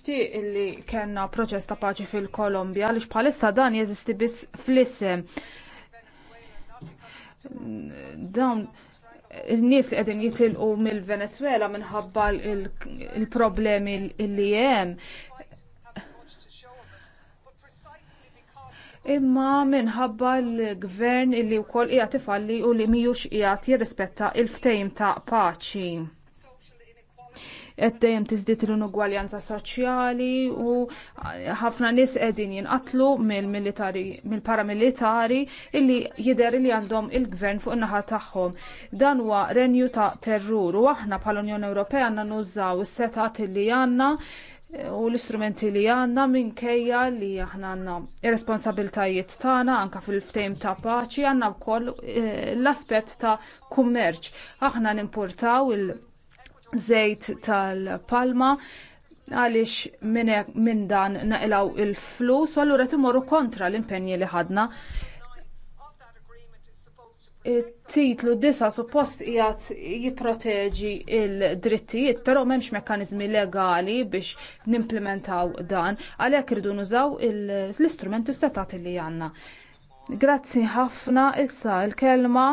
nixtieq illi kellna proċess ta' paċi fil-Kolombja għaliex bħalissa dan jeżisti biss fl-isem. Dawn in-nies li qegħdin jitilqu mill-Venezuela minħabba il-problemi li hemm. Imma minħabba l-gvern illi wkoll qiegħed ifalli u li mhijiex qiegħed jirrispetta l ftehim ta' paċi qed dejjem tiżdied l-inugwaljanza soċjali u ħafna nies qegħdin jinqatlu mill-militari mill-paramilitari illi jidher li għandhom il-gvern fuq in-naħa tagħhom. Dan huwa renju ta' terrur u aħna bħall-Unjoni Ewropea għandna nużaw is-setat illi għandna u l-istrumenti li għandna minkejja li aħna għandna ir-responsabiltajiet tagħna anke fil ftejm ta' paċi għandna wkoll eh, l-aspett ta' kummerċ. Aħna nimpurtaw il- żejt tal-palma għaliex minn dan naqilgħu il-flus u allura timorru kontra l-impenji li ħadna. It-titlu disa suppost qiegħed jipproteġi l-drittijiet, però m'hemmx mekkaniżmi legali biex nimplementaw dan, għalhekk irridu nużaw l-istrumenti statati li għandna. Grazzi ħafna issa l-kelma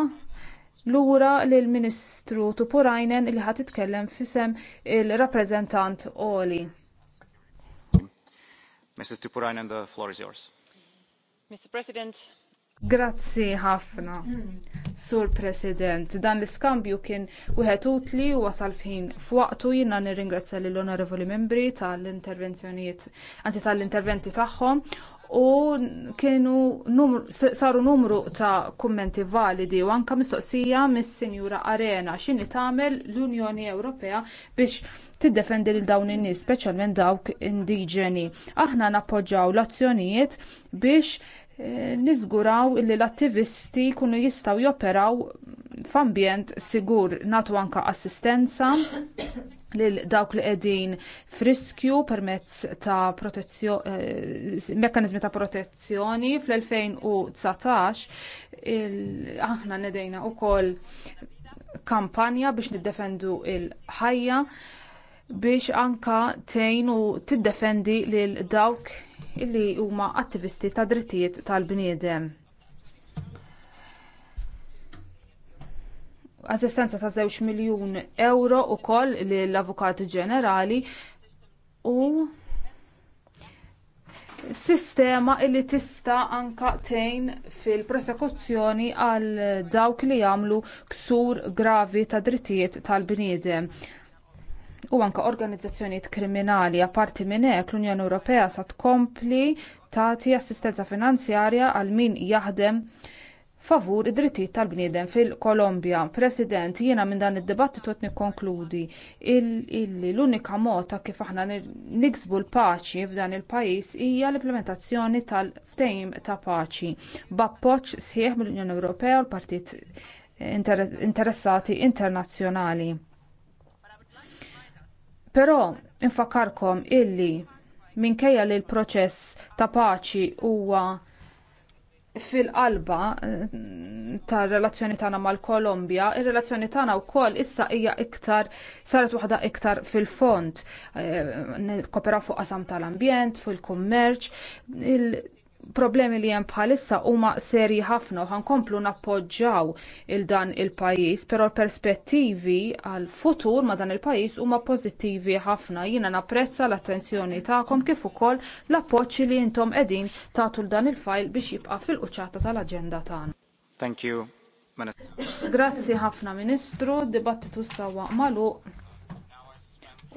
lura lill ministru Tupurajnen li ħadd titkellem f'isem il-rappreżentant Oli. Mrs. Tupurainen the floor is yours. Mr. President, Grazzi ħafna, Sur President. Dan l-iskambju kien wieħed utli u wasal ħin f'waqtu jiena nirringrazzja lill onorevoli membri tal-intervenzjonijiet, anzi tal-interventi tagħhom u kienu numru, saru numru ta' kummenti validi u anke mistoqsija mis-Sinjura Arena x'inhi tagħmel l-Unjoni Ewropea biex tiddefendi lil dawn in-nies speċjalment dawk indiġeni. Aħna nappoġġjaw l-azzjonijiet biex eh, niżguraw li l-attivisti jkunu jistgħu joperaw f'ambjent sigur natu anke assistenza lil dawk li qegħdin friskju permezz ta' eh, mekkaniżmi ta' protezzjoni fl-2019 aħna nedejna wkoll kampanja biex niddefendu l-ħajja biex anke tejn u tiddefendi lil dawk li huma attivisti ta' drittijiet tal-bniedem. assistenza ta' 2 miljun euro wkoll lill-Avukat Ġenerali u sistema li tista' anke tgħin fil-prosekuzzjoni għal dawk li jagħmlu ksur gravi ta' drittijiet tal-bniedem u anke organizzazzjonijiet kriminali apparti minn hekk l-Unjoni Ewropea sa tkompli tagħti assistenza finanzjarja għal min jaħdem favur id-drittijiet tal-bniedem fil-Kolombja. President, jiena minn dan id-dibattitu qed nikkonkludi illi l-unika mod ta' kif aħna niksbu l-paċi f'dan il-pajjiż hija l-implementazzjoni tal-ftehim ta' paċi b'appoġġ sħiħ mill-Unjoni Ewropea u l-partit interessati internazzjonali. Però infakarkom illi minkejja li l-proċess ta' paċi huwa fil-qalba eh, tar-relazzjoni tagħna mal-Kolombja, ir-relazzjoni tagħna wkoll issa hija iktar saret waħda iktar fil-fond. Eh, Kopera fuq qasam tal-ambjent, fil-kummerċ, problemi li hemm bħalissa huma serji ħafna u ħankomplu nappoġġjaw il dan il-pajjiż, però l-perspettivi għal futur ma' dan il-pajjiż huma pożittivi ħafna. Jiena napprezza l-attenzjoni tagħkom kif ukoll l-appoġġ li intom qegħdin tagħtu l dan il-fajl biex jibqa' fil-quċċata tal-aġenda tagħna. Thank you. Grazzi ħafna Ministru, dibattitu stawa magħluq.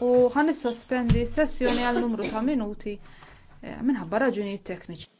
u ħanissospendi sessjoni għal numru ta' minuti eh, minħabba raġunijiet tekniċi.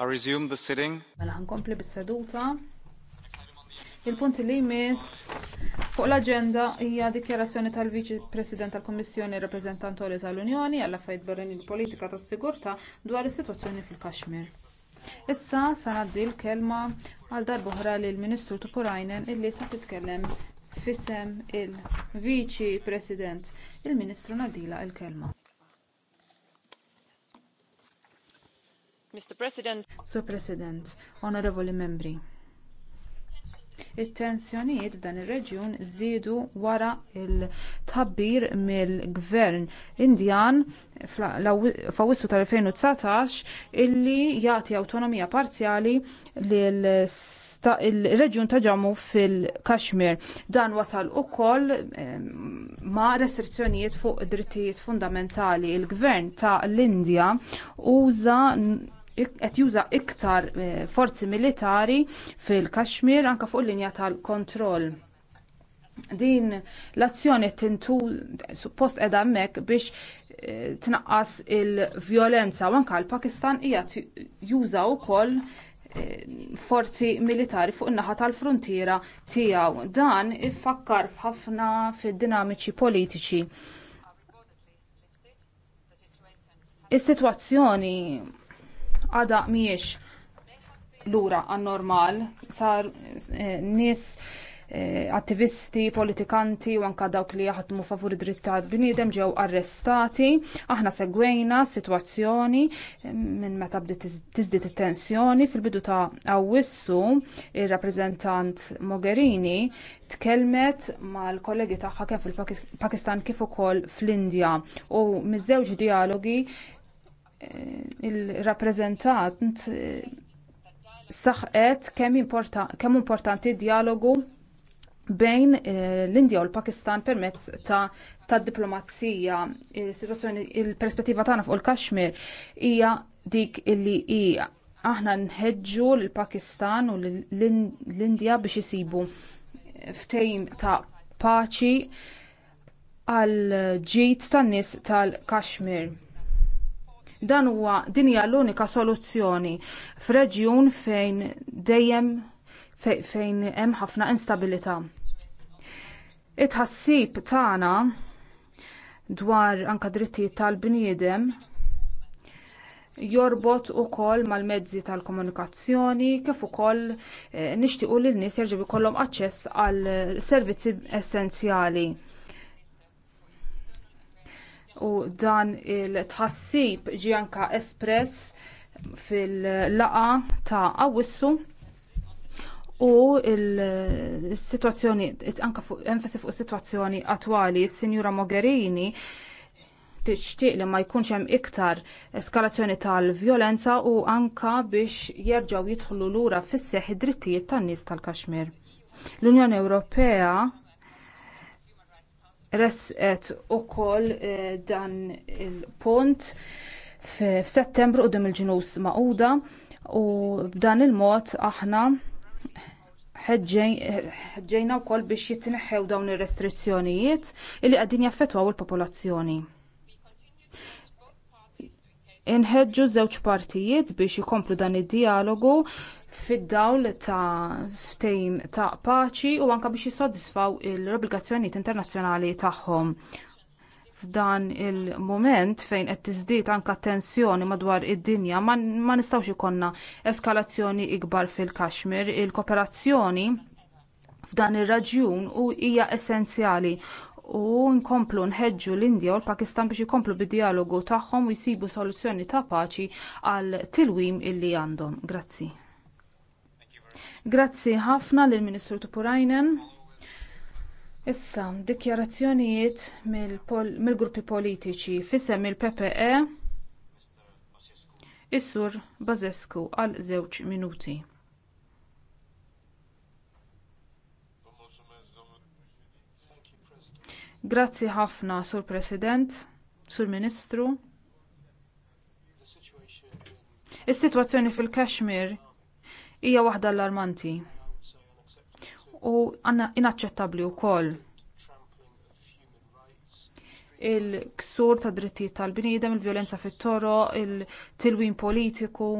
I resume the sitting. Mela ħankompli bis-seduta. Il-punt li jmiss fuq l-aġenda hija dikjarazzjoni tal-Viċi President tal-Kummissjoni Rappreżentantoli tal-Unjoni għall affajt barrani l-politika tas-sigurtà dwar is-sitwazzjoni fil-Kaxmir. Issa sa ngħaddi l-kelma għal darb'oħra lill Ministru Tupurajnen illi se titkellem f'isem il-Viċi President il-Ministru Nadila l-kelma. Mr. President. Sur President, onorevoli membri. It-tensjonijiet f'dan ir-reġjun żiedu wara l tabbir mill-Gvern Indjan f'Awwissu tal-2019 illi jagħti awtonomija parzjali lil il-reġjun ta' Ġammu fil-Kashmir. Dan wasal ukoll ma' restrizzjonijiet fuq drittijiet fundamentali. Il-gvern ta' l-Indja uża qed juża iktar eh, forzi militari fil-Kashmir anke fuq il-linja tal-kontroll. Din l-azzjoni tintu suppost qiegħda hemmhekk biex eh, tnaqqas il-vjolenza u anke l-Pakistan hija juża wkoll eh, forzi militari fuq in-naħa tal-frontiera tiegħu. Dan iffakkar f'ħafna fid-dinamiċi politiċi. Is-sitwazzjoni għada mhijiex lura għan-normal sar eh, nies eh, attivisti, politikanti u anke dawk li jaħdmu favur id-dritt tal-bniedem ġew arrestati. Aħna segwejna s-sitwazzjoni eh, minn meta bdiet tiżdied it-tensjoni fil-bidu ta' Awwissu ir-rappreżentant Mogherini tkellmet mal-kollegi tagħha kemm fil-Pakistan kif ukoll fl-Indja u miż-żewġ dijalogi il-rappreżentant eh, saħqet kemm importa, kem importanti d dialogu bejn eh, l-Indja u l-Pakistan permezz ta' tad diplomazija. Il-situazzjoni il-perspettiva tagħna fuq il-Kashmir hija dik illi hija aħna nħeġġu l-Pakistan u l-Indja biex isibu ftehim ta' paċi għal ġid tan-nies tal-Kashmir. Dan huwa din hija l-unika soluzzjoni f'reġjun fejn dejjem fejn hemm ħafna instabilità. It-ħassib tagħna dwar anke drittijiet tal-bniedem jorbot ukoll mal-mezzi tal-komunikazzjoni kif ukoll eh, nixtiequ li n-nies jerġgħu jkollhom aċċess għal servizzi essenzjali u dan il-tħassib ġie anke espress fil laqgħa ta' Awwissu u il-situazzjoni fuq enfasi fuq is-sitwazzjoni attwali, is-Sinjura Mogherini tixtieq li ma jkunx hemm iktar eskalazzjoni tal-vjolenza u anke biex jerġgħu jidħlu lura fis-seħħ id-drittijiet tan-nies tal-Kaxmir. L-Unjoni Ewropea resqet ukoll eh, dan il-punt f'Settembru quddiem il-ġinus Magħquda u b'dan il-mod aħna ħeġġejna wkoll biex jitneħħew dawn ir-restrizzjonijiet li qegħdin jaffettwaw il-popolazzjoni. Inħeġġu żewġ partijiet biex ikomplu dan id-dialogu fid-dawl ta' ftehim ta' paċi u anke biex jissodisfaw l-obbligazzjonijiet internazzjonali tagħhom. F'dan il mument fejn qed tiżdied anke tensjoni madwar id-dinja ma nistgħux ikollna eskalazzjoni ikbar fil-Kashmir, il-kooperazzjoni f'dan ir-raġjun hija essenzjali u nkomplu nħeġġu l-Indja u l-Pakistan biex ikomplu bid-dialogu tagħhom u jsibu soluzzjoni ta' paċi għal tilwim illi għandhom. Grazzi. Grazzi ħafna lill ministru Tupurajnen. Issa, dikjarazzjonijiet mill-gruppi politiċi fisem il-PPE is-sur Bazescu għal żewġ minuti. Grazzi ħafna, Sur President, Sur Ministru. Is-sitwazzjoni fil-Kashmir hija waħda allarmanti u inaċċettabbli wkoll il-ksur tad drittijiet tal-bniedem il-vjolenza fit-toroq it-tilwim politiku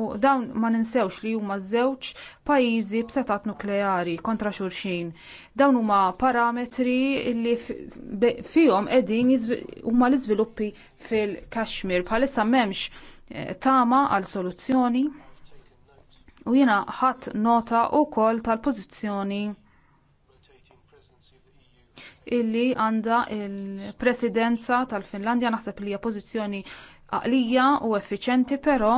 u dawn ma ninsewx li huma żewġ pajjiżi b'setat nukleari kontra xulxin dawn huma parametri li fihom qegħdin huma l-iżviluppi fil-kashmir bħalissa m'hemmx tama għal soluzzjoni u jiena ħadt nota wkoll tal-pożizzjoni illi għandha l-presidenza tal-finlandja naħseb li hija pożizzjoni għaqlija u effiċjenti però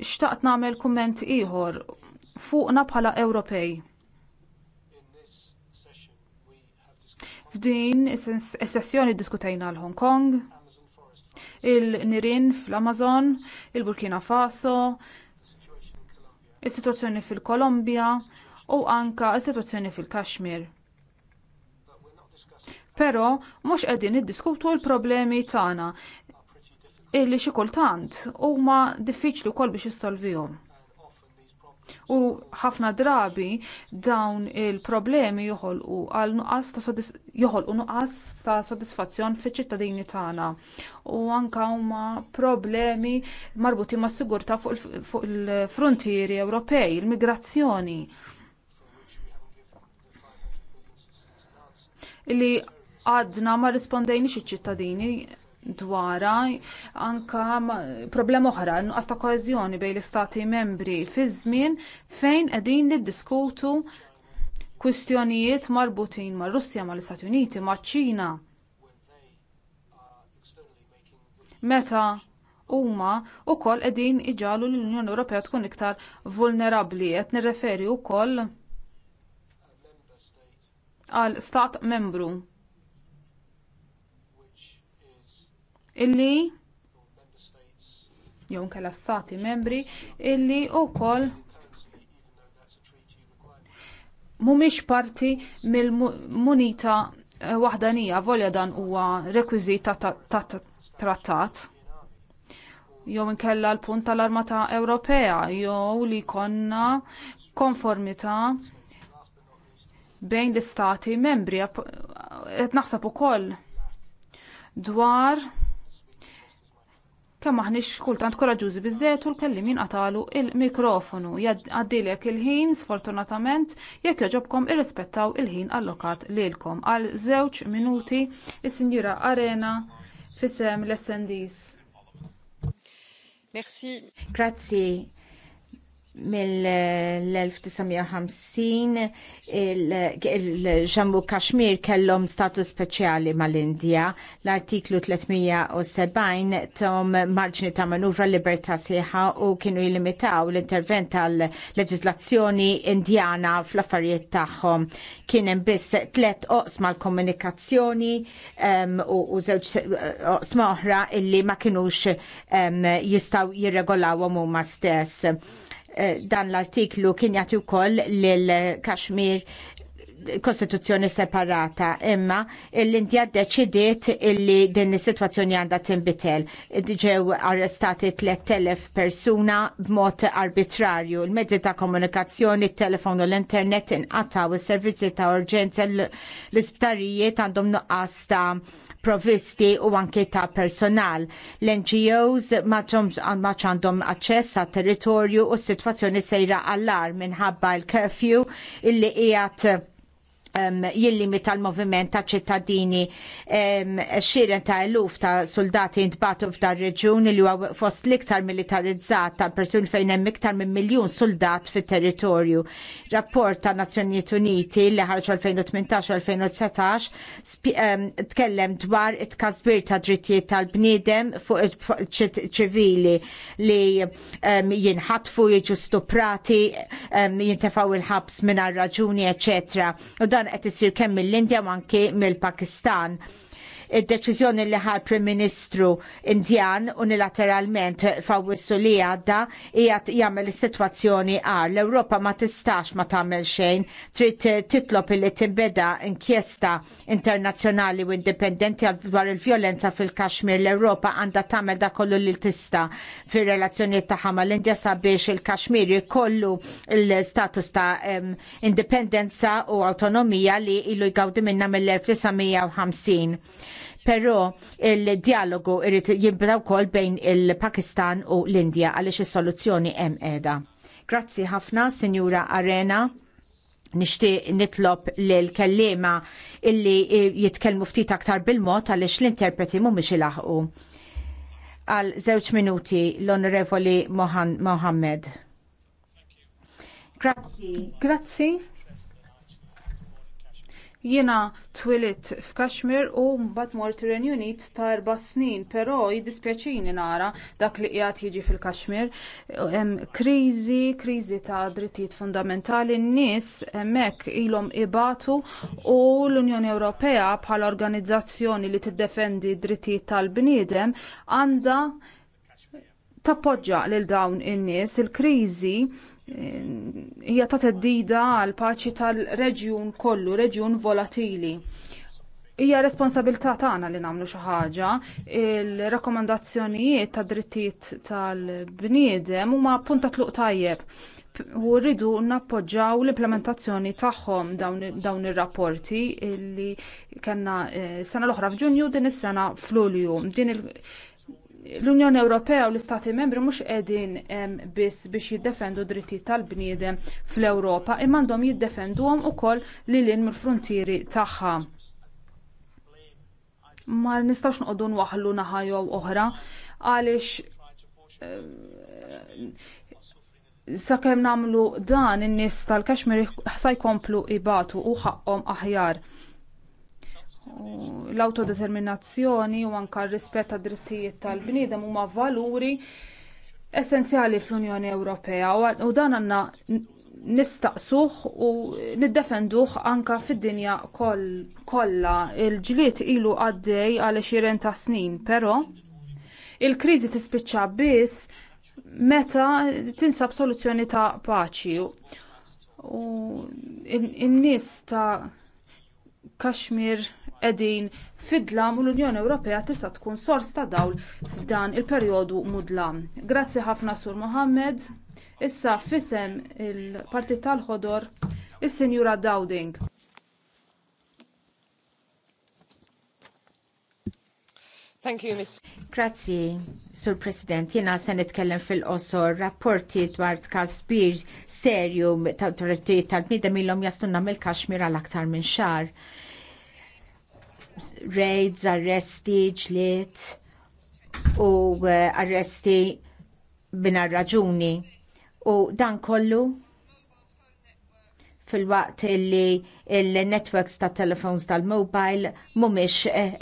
xtaqt nagħmel kumment ieħor fuqna bħala Ewropej. F'din is-sessjoni diskutejna l-Hong Kong, il-nirien fl-Amazon, il-Burkina Faso, is-sitwazzjoni fil-Kolombja u anke s-sitwazzjoni fil-Kashmir. Però mhux qegħdin iddiskutu l-problemi tagħna illi xi kultant huma diffiċli wkoll biex jistolvihom u ħafna drabi dawn il-problemi joħolqu għal nuqqas ta' joħolqu nuqqas ta' sodisfazzjon fiċ-ċittadini tagħna u anke huma problemi marbuti mas sigurta fuq il-frontieri Ewropej, il-migrazzjoni. Li għadna ma rispondejniex iċ-ċittadini dwara anka problema oħra nuqqas ta' koeżjoni bejn l-istati membri fi żmien fejn qegħdin niddiskutu kwistjonijiet marbutin mar-Russja mal-Istati Uniti maċ-Ċina. Meta huma wkoll qegħdin iġalu l-Unjoni Ewropea tkun iktar vulnerabbli qed nirreferi wkoll għal stat membru illi jew inkella stati membri illi wkoll mhumiex parti mill-munita eh, waħdanija volja dan huwa rekwiżit tat trattat jew inkella l-punt tal-armata Ewropea jew li jkollna konformità bejn l-istati membri eh, qed naħseb ukoll dwar kemm aħniex kultant koraġużi biżżejjed u l-kellim jinqatalu il-mikrofonu. Għaddilek il-ħin, sfortunatament, jekk joġobkom irrispettaw il-ħin allokat lilkom. Għal żewġ minuti is-Sinjura Arena fisem l-SNDs. Merci. Grazzi mill-1950 il-ġammu Kashmir kellhom status speċjali mal-Indja. L-artiklu 370 tom marġni ta' manuvra libertà sieħa u kienu jilimitaw l-intervent tal leġizlazzjoni indjana fl-affarijiet tagħhom. Kien hemm biss tliet oqsma l-komunikazzjoni u żewġ oqsma oħra illi ma kinux jistgħu jirregolawhom huma stess Eh, dan l-artiklu kien jagħti wkoll lil Kashmir kostituzzjoni separata, imma l-Indja deċidiet illi din is-sitwazzjoni għandha tinbitel. Ġew arrestati 3000 persuna b'mod arbitrarju. Il-mezzi ta' komunikazzjoni, il-telefon u l-internet inqataw is-servizzi ta' urġenza l-isptarijiet għandhom nuqqas ta' provvisti u anke ta' personal. L-NGOs maċ għandhom aċċess għat territorju u s-sitwazzjoni sejra allar minħabba l-curfew illi qiegħed jillimi tal moviment ta' ċittadini um, xiren ta' eluf ta' soldati intbatu f'dar reġjun li huwa fost l-iktar militarizzat tal persuni fejn hemm iktar minn miljun soldat fit-territorju. Rapport ta' Nazzjonijiet Uniti li ħarġ 2018-2019 tkellem dwar it-kasbir ta' drittijiet tal-bniedem fuq ċivili li jinħatfu, jiġu stuprati, jintefaw il-ħabs minn raġuni, eccetera dan qed isir kemm mill-Indja u anke mill-Pakistan il deċiżjoni li ħal Prim Ministru Indjan unilateralment fawissu li għadda jgħat jagħmel is-sitwazzjoni għar. L-Ewropa ma tistax ma tagħmel xejn trid titlob li timbeda inkjesta internazzjonali u indipendenti dwar il-vjolenza fil-Kashmir. L-Ewropa għandha tagħmel da kollu li tista' fir-relazzjonijiet tagħha mal-Indja sabiex il-Kashmir kollu l-status ta' indipendenza u autonomija li ilu jgawdi minna mill-1950 però il-dialogu irrid jibda wkoll bejn il-Pakistan u l-Indja għaliex is-soluzzjoni hemm qiegħda. Grazzi ħafna, Sinjura Arena. Nixtieq nitlob lil kellima illi jitkellmu ftit aktar bil-mod għaliex l-interpreti mhumiex ilaħqu. Għal żewġ minuti l-Onorevoli Mohammed. Grazzi. Grazzi. Jiena twilit f'Kashmir u mbagħad mort ir Unit ta' erba' snin, però jiddispjaċini nara dak li qiegħed jiġi fil-Kashmir. Hemm kriżi, kriżi ta' drittijiet fundamentali, n-nies hemmhekk ilhom ibatu u l-Unjoni Ewropea bħala organizzazzjoni li tiddefendi d-drittijiet tal-bniedem għandha tappoġġja lil dawn in-nies il-kriżi hija ta' teddida għal paċi tal-reġjun kollu, reġjun volatili. Hija responsabilità tagħna li nagħmlu xi ħaġa. Il-rakkomandazzjonijiet tad drittijiet tal-bniedem huma punta tluq tajjeb u rridu nappoġġaw l-implementazzjoni tagħhom dawn ir-rapporti li kellna eh, sena l-oħra f'Ġunju din is-sena f'Lulju. Din il- l-Unjoni Ewropea u l-Istati Membri mhux qegħdin biss biex jiddefendu drittijiet tal-bniedem fl-Ewropa imma għandhom jiddefenduhom ukoll lilin mill-fruntieri tagħha. Ma nistax noqogħdu nwaħlu naħa jew oħra għaliex sakemm nagħmlu dan in-nies tal-Kashmir ħsa jkomplu jibatu u ħaqhom aħjar l-autodeterminazzjoni u anke r-rispett tad drittijiet tal-bniedem huma valuri essenzjali fl-Unjoni Ewropea u dan għandna nistaqsuh u niddefenduh anke fid-dinja kollha. Il-ġlied ilu għaddej għal xiren ta' snin, però il-kriżi tispiċċa biss meta tinsab soluzzjoni ta' paċi u n-nies ta' Kashmir qegħdin fidlam u l-Unjoni Ewropea tista' tkun sors ta' dawl f'dan il-perjodu mudlam. Grazzi ħafna Sur Mohammed. Issa fisem il-Partit tal-Ħodor is-Sinjura Dowding. Thank you, Mr. Grazzi, Sur President. Jena se nitkellem fil-qosor rapporti dwar kasbir serju tat trittijiet tal-bnidem ilhom jaslu nagħmel kaxxmir għal aktar minn xahar raids, arresti, ġlied u eh, arresti bina raġuni. U dan kollu fil-waqt li il-networks ta' telefons tal-mobile mumiex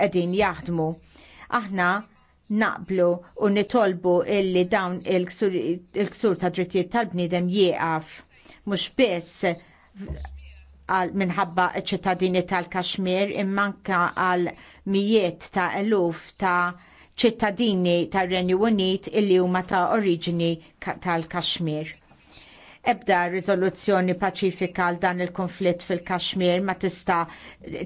edin eh, jaħdmu. Aħna naqblu u nitolbu illi dawn il-ksur ta' drittijiet tal-bnidem jieqaf mhux biss minħabba ċittadini tal-Kashmir immanka għal mijiet ta' eluf ta' ċittadini tar renju Unit illi huma ta' oriġini tal-Kashmir. Ebda riżoluzzjoni paċifika għal dan il-konflitt fil-Kashmir ma tista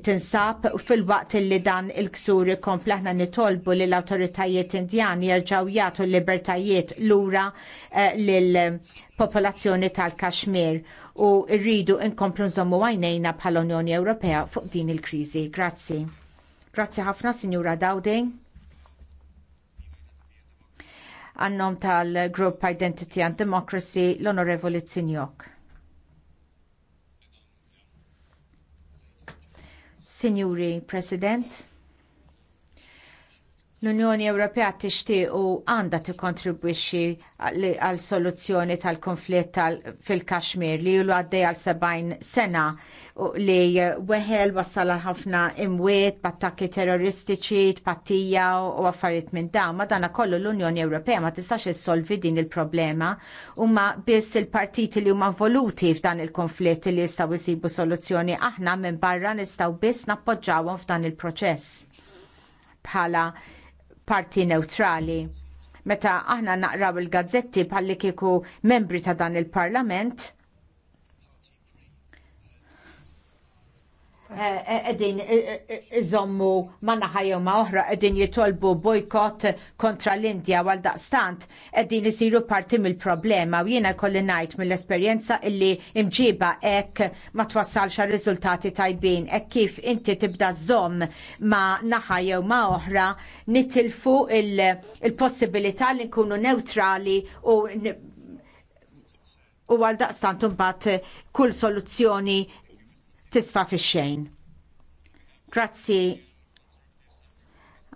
tinsab fil-waqt illi dan il-ksur ikompla aħna nitolbu li l-autoritajiet indjani jerġaw jagħtu l-libertajiet lura eh, popolazzjoni tal-Kashmir u rridu nkomplu nżommu għajnejna bħala Unjoni Ewropea fuq din il-kriżi. Grazzi. Grazzi ħafna, Sinjura Dawding. Għannom tal-Group Identity and Democracy, l-Onorevoli Tsinjok. Signori President, L-Unjoni Ewropea tixtieq u għandha tikkontribwixxi għal soluzzjoni tal-konflitt fil-Kashmir li ilu għaddej għal 70 sena li weħel wassal ħafna imwiet, battakki terroristiċi, tpattija u affarijiet minn dawn. Ma dana kollu l-Unjoni Ewropea ma tistax issolvi din il-problema u ma biss il-partiti li huma voluti f'dan il-konflitt li jistgħu jsibu soluzzjoni aħna minn barra nistgħu biss nappoġġawhom f'dan il-proċess bħala parti neutrali. Meta aħna naqraw il-gazzetti bħalli kieku membri ta' dan il-parlament, edin eh, eh, eh, iżommu manna ma' oħra edin jitolbu bojkot kontra l-Indja għal daqstant edin jisiru parti mill-problema u jiena kolli najt mill-esperienza illi imġiba ek ma twassalx rizultati tajbin ek kif inti tibda zom ma naħa jew ma oħra nitilfu il-possibilità li nkunu neutrali u u għal daqstant bat kull soluzzjoni tisfa fix-xejn. Grazzi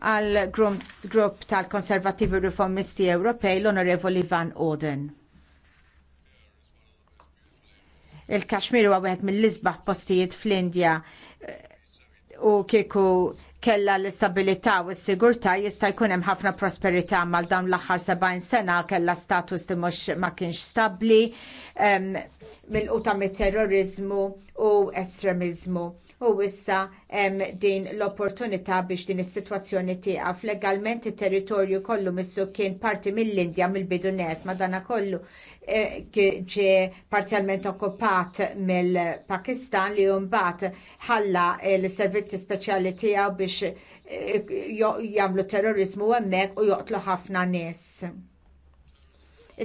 għal grupp tal-Konservativi Riformisti Ewropej l-Onorevoli Van Oden. Il-Kashmir huwa wieħed mill-isbaħ postijiet fl-Indja eh, u kieku kella l-istabilità u s-sigurtà jista' jkun hemm ħafna prosperità mal dawn l-aħħar 70 sena kella status li mhux ma kienx stabbli mill-quta mit-terrorizmu u estremizmu u issa hemm din l-opportunità biex din is-sitwazzjoni tieqaf legalment it-territorju kollu missu kien parti mill-Indja mill-bidu net madanakollu eh, ġie parzjalment okkupat mill-Pakistan li mbagħad ħalla l-servizzi speċjali tiegħu biex eh, jagħmlu terrorizmu hemmhekk u joqtlu ħafna nies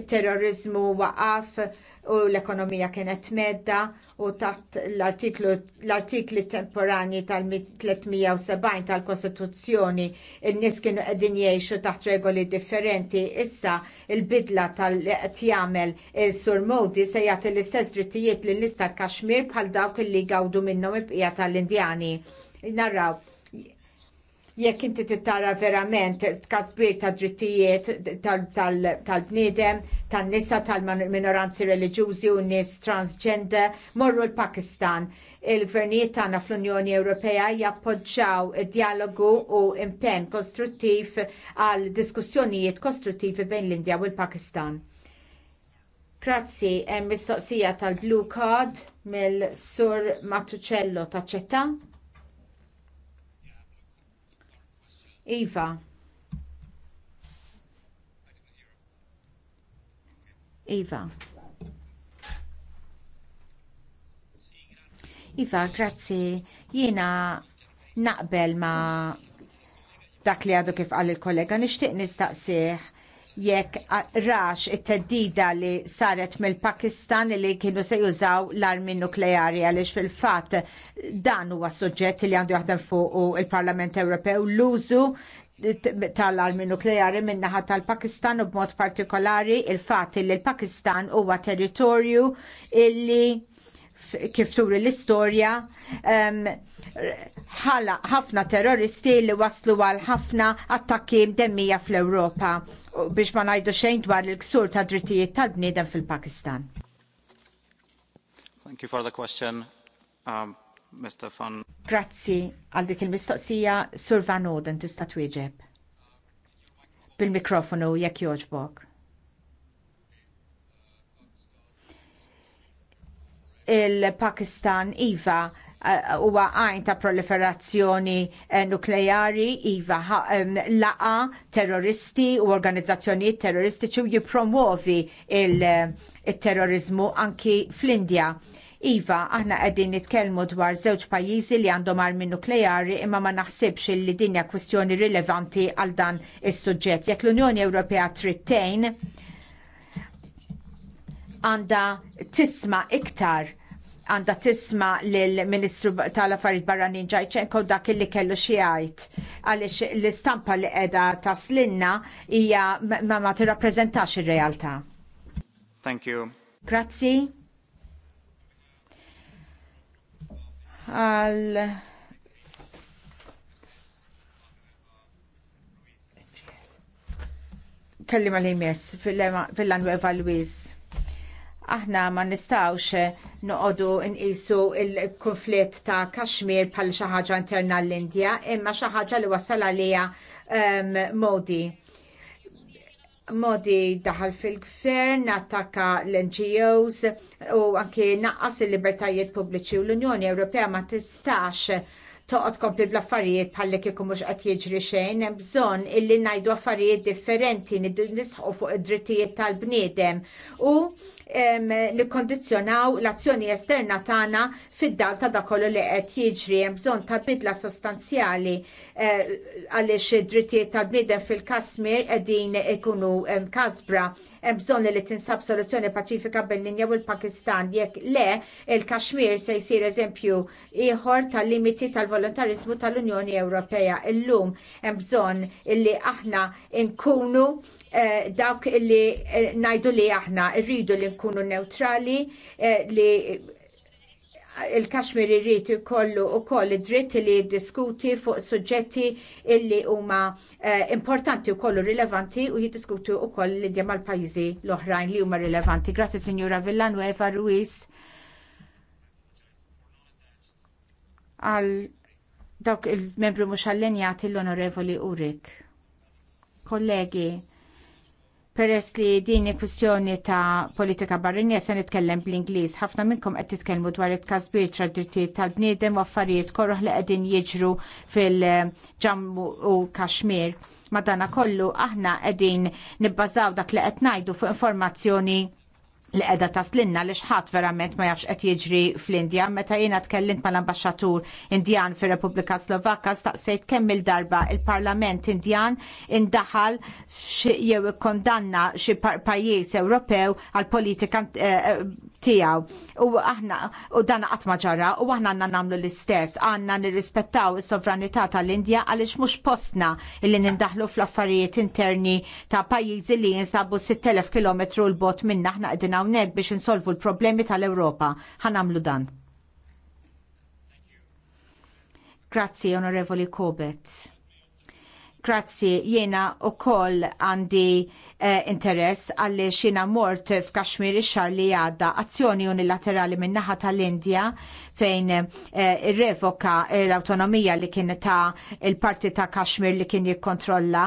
it-terrorizmu waqaf u l-ekonomija kienet medda u taħt l-artikli temporani tal-370 tal-Kostituzzjoni il nies kienu qegħdin jgħixu taħt regoli differenti issa il-bidla tal-qed jagħmel il-Sur Modi se jagħti l-istess drittijiet lin-nies tal-Kaxmir bħal dawk li gawdu minnhom il-bqija tal-Indjani. Narraw, jekk inti tittara verament tkasbir ta' drittijiet tal-bniedem, tan-nisa, tal-minoranzi reliġjużi u nis transgender, morru l-Pakistan. Il-gvernijiet tagħna fl-Unjoni Ewropea jappoġġaw dialogu u impenn kostruttiv għal diskussjonijiet kostruttivi bejn l-Indja u l-Pakistan. Grazzi, hemm mistoqsija tal-Blue Card mill-Sur Mattucello taċċetta. Iva. Iva. Iva, grazzi. Jiena naqbel ma dak li għadu kif għal il-kollega nixtieq nistaqsih jekk rax it-teddida li saret mill-Pakistan li kienu se jużaw l-armi nukleari għaliex fil-fatt dan huwa suġġett li għandu jaħdem fuq il-Parlament Ewropew l-użu tal-armi nukleari min-naħa tal-Pakistan u b'mod partikolari il fat li l-Pakistan huwa territorju illi kif turi l-istorja ħala ħafna terroristi li waslu għal ħafna attakki mdemmija fl-Ewropa biex ma ngħidu xejn dwar il-ksur ta' drittijiet tal-bniedem fil-Pakistan. Thank you for the question, um, Mr. Fan. Grazzi għal dik il-mistoqsija, Sur Van Oden tista' twieġeb. Bil-mikrofonu jekk jogħġbok. il-Pakistan iva eh, huwa għajn ta' proliferazzjoni eh, nukleari, iva laqa terroristi u organizzazzjonijiet terroristiċi u jipromuovi il-terrorizmu eh, anki fl-Indja. Iva, aħna qegħdin nitkellmu dwar żewġ pajjiżi li għandhom armi nukleari imma ma naħsibx li din hija kwistjoni rilevanti għal dan is-suġġett. Jekk l-Unjoni Ewropea Trittejn għandha tisma iktar għanda tisma l-Ministru tal-Affarijiet Barranin ġajċenko dak li kellu xi jgħid għaliex l-istampa li qiegħda taslinna hija ma ma tirrappreżentax ir-realtà. Thank you. Grazzi. Għal kellima li jmiss fil anwe Luiz aħna ma nistawx noqogħdu nqisu l-konflitt ta' Kashmir bħal xi ħaġa interna l-Indja, imma xi ħaġa li wasal għaliha um, modi. Modi daħal fil-gvern, attakka l-NGOs u anke naqqas il-libertajiet pubbliċi u l-Unjoni Ewropea ma tistax toqgħod kompli bl-affarijiet bħalli kieku mhux qed jiġri xejn, hemm bżonn illi ngħidu affarijiet differenti nisħu fuq id-drittijiet tal-bniedem u nikkondizzjonaw l-azzjoni esterna tagħna fid-dal ta' dakollu li qed jiġri hemm bżonn ta' bidla sostanzjali eh, għaliex id-drittijiet tal-bniedem fil-Kasmir qegħdin ikunu kasbra hemm bżonn li tinsab soluzzjoni paċifika bil-linja u l-Pakistan jekk le il-Kashmir se jsir eżempju ieħor tal-limiti tal-volontarizmu tal-Unjoni Ewropea. Illum hemm bżonn illi aħna nkunu eh, dawk illi eh, ngħidu li aħna rridu li nkunu neutrali eh, li il-Kashmir irrid ikollu wkoll id-dritt li jiddiskuti fuq suġġetti illi huma eh, importanti kollu rilevanti u jiddiskutu wkoll koll li mal-pajjiżi l-oħrajn li huma rilevanti. Grazzi Sinjura Villanueva Ruiz dawk il-membru mhux allenjati l-Onorevoli Urik. Kollegi, Peress li din kwistjoni ta' politika barrinja se nitkellem bl-Ingliż, ħafna minnkom qed titkellmu dwar it-kasbir tradizzjonijiet tal-bniedem u affarijiet korroħ li qegħdin jiġru fil-ġammu u Kashmir. Madana kollu aħna qegħdin nibbażaw dak li qed ngħidu fuq informazzjoni li qiegħda taslinna li xħat verament ma jafx qed jiġri fl-Indja meta jiena tkellimt mal-ambaxxatur Indjan fir-Repubblika Slovakka staqsejt kemm il-darba il-Parlament Indjan indaħal jew ikkondanna xi pajjiż Ewropew għal politika eh, eh, tijaw. U aħna u dan qatt ma ġara u aħna għandna nagħmlu l-istess, għandna nirrispettaw is-sovranità tal-Indja għaliex mhux postna illi nindaħlu fl-affarijiet interni ta' pajjiżi li jinsabu 6000 km l bot minna aħna qegħdin hawnhekk biex insolvu l-problemi tal-Ewropa. Ħanamlu dan. Grazzi, Onorevoli Kobet. Grazzi, jiena u koll għandi Eh, interess għalli xina mort f'Kashmir ix-xar li għadda azzjoni unilaterali minnaħa tal-Indja fejn eh, irrevoka l-autonomija li kien ta' il-parti ta' Kashmir li kien jikkontrolla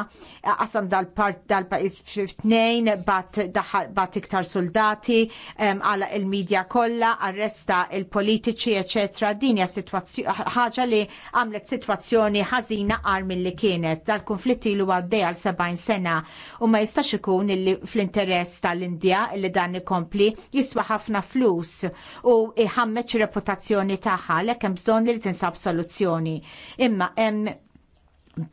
qasam dal-pajis f'tnejn bat iktar soldati għala il-medja kollha arresta il-politiċi eċetera din hija ħaġa li għamlet situazzjoni ħażina qar li kienet dal-konflitti li għaddej għal 70 sena u ma jistax ikun illi fl-interess tal indija illi dan ikompli jiswa ħafna flus u iħammeċ reputazzjoni tagħha l hemm bżonn li tinsab soluzzjoni. Imma em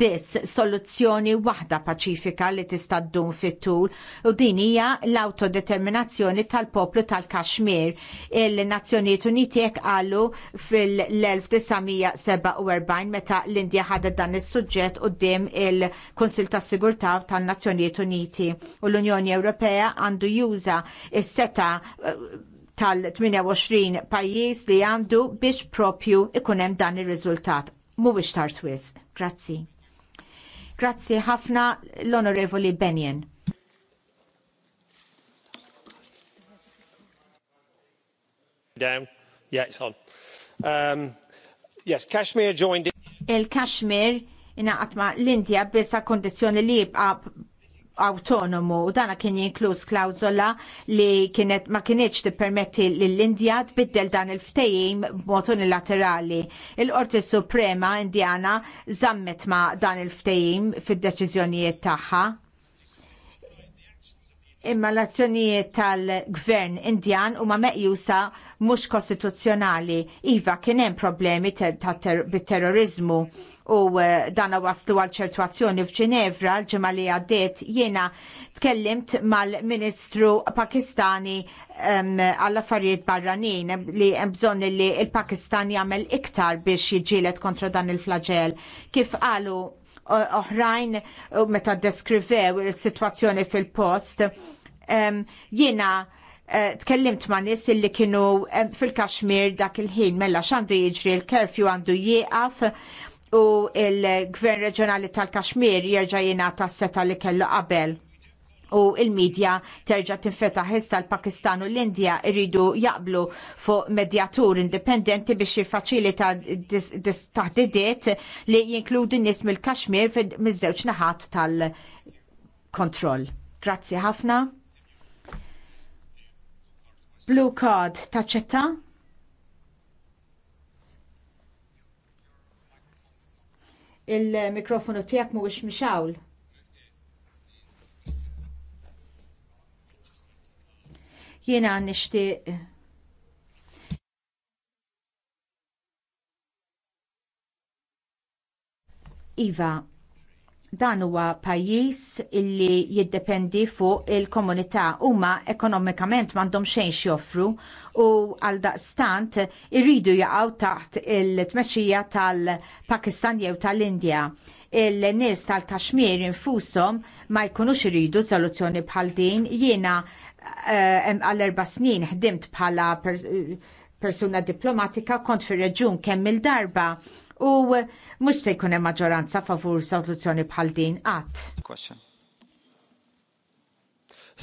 biss soluzzjoni waħda paċifika li tista' ddum fit-tul u din hija l-autodeterminazzjoni tal-poplu tal-Kashmir. Il-Nazzjonijiet Uniti hekk qalu fil-1947 meta l-Indja ħadet dan is-suġġett quddiem il-Kunsil tas-Sigurtà tan-Nazzjonijiet Uniti u l-Unjoni Ewropea għandu juża is-seta eh, tal-28 pajjiż li għandu biex propju ikun hemm dan ir-riżultat mhuwiex tard wisq. Grazzi. Grazzi ħafna l-Onorevoli Benjen. Down. Yeah, it's on. Um, yes, Kashmir joined in. Il-Kashmir inaqat l-Indja bissa kondizjoni li jibqa autonomu u dana kien jinkluż klawzola li kienet ma kienieċ tippermetti lill-Indja tbiddel dan il-ftejim b'mod unilaterali. Il-Qorti Suprema Indjana zammet ma dan il-ftejim fid-deċiżjonijiet tagħha imma l-azzjonijiet tal-gvern indjan huma meqjusa mhux kostituzzjonali. Iva kien hemm problemi bit-terrorizmu u eh, dana waslu għal ċertu azzjoni f'Ġinevra l-ġimgħa li għaddiet jiena tkellimt mal-Ministru Pakistani għall affarijiet barranin li hemm bżonn li l-Pakistan jagħmel iktar biex jiġġieled kontra dan il flaġel Kif qalu oħrajn meta deskrivew il-sitwazzjoni fil-post. Jiena eh, tkellimt ma' nies illi kienu fil-Kaxmir dak il-ħin mella xandu jiġri l-kerfju għandu jieqaf u l gvern reġjonali tal-Kaxmir jerġa' jingħata seta' li kellu qabel u il-medja terġa' tinfetaħ issa l-Pakistan u l-Indja irridu jaqblu fuq medjatur indipendenti biex jiffaċilita taħdidiet li jinkludi nies mill-Kashmir miż-żewġ naħat tal-kontroll. Grazzi ħafna. Blue card taċċetta? Il-mikrofonu tiegħek mhuwiex mixawl. Jiena nixtieq Iva, dan huwa pajjiż illi jiddependi fuq il-komunità huma ekonomikament m'għandhom xejn joffru u għal daqstant irridu jaqgħu taħt il-tmexxija tal-Pakistan jew tal-Indja. Il-nies tal-Kaxmir infushom ma jkunux iridu soluzzjoni bħal din jiena Eh, għall-erba snin ħdimt bħala persuna diplomatika kont fir reġun kemm il-darba u mhux se jkun hemm maġġoranza favur soluzzjoni bħal din qatt.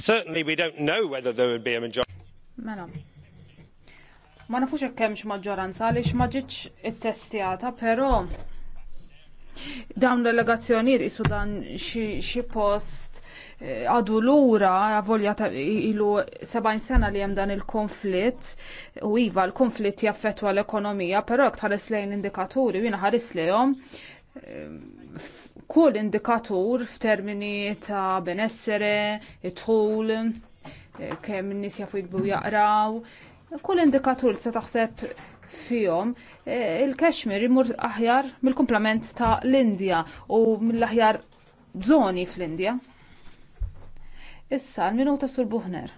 Certainly we don't know whether there would be a majority. Mela. Ma nafux hekk hemmx maġġoranza għaliex ma ġietx ittestjata, però dawn l-allegazzjonijiet isu dan xi post Eh, għadu lura volja ilu 70 sena li hemm dan il-konflitt u iva l-konflitt jaffettwa l-ekonomija, però jekk tħares lejn indikaturi jina ħares lejom, eh, kull indikatur f'termini ta' benessere, it-tħul, eh, kemm nis jafu jikbu jaqraw, kull indikatur se taħseb fihom il-Kashmir imur aħjar mill-kumplament ta' l-Indja u mill-aħjar zoni fl-Indja. Issa l-minuta sur Buħner.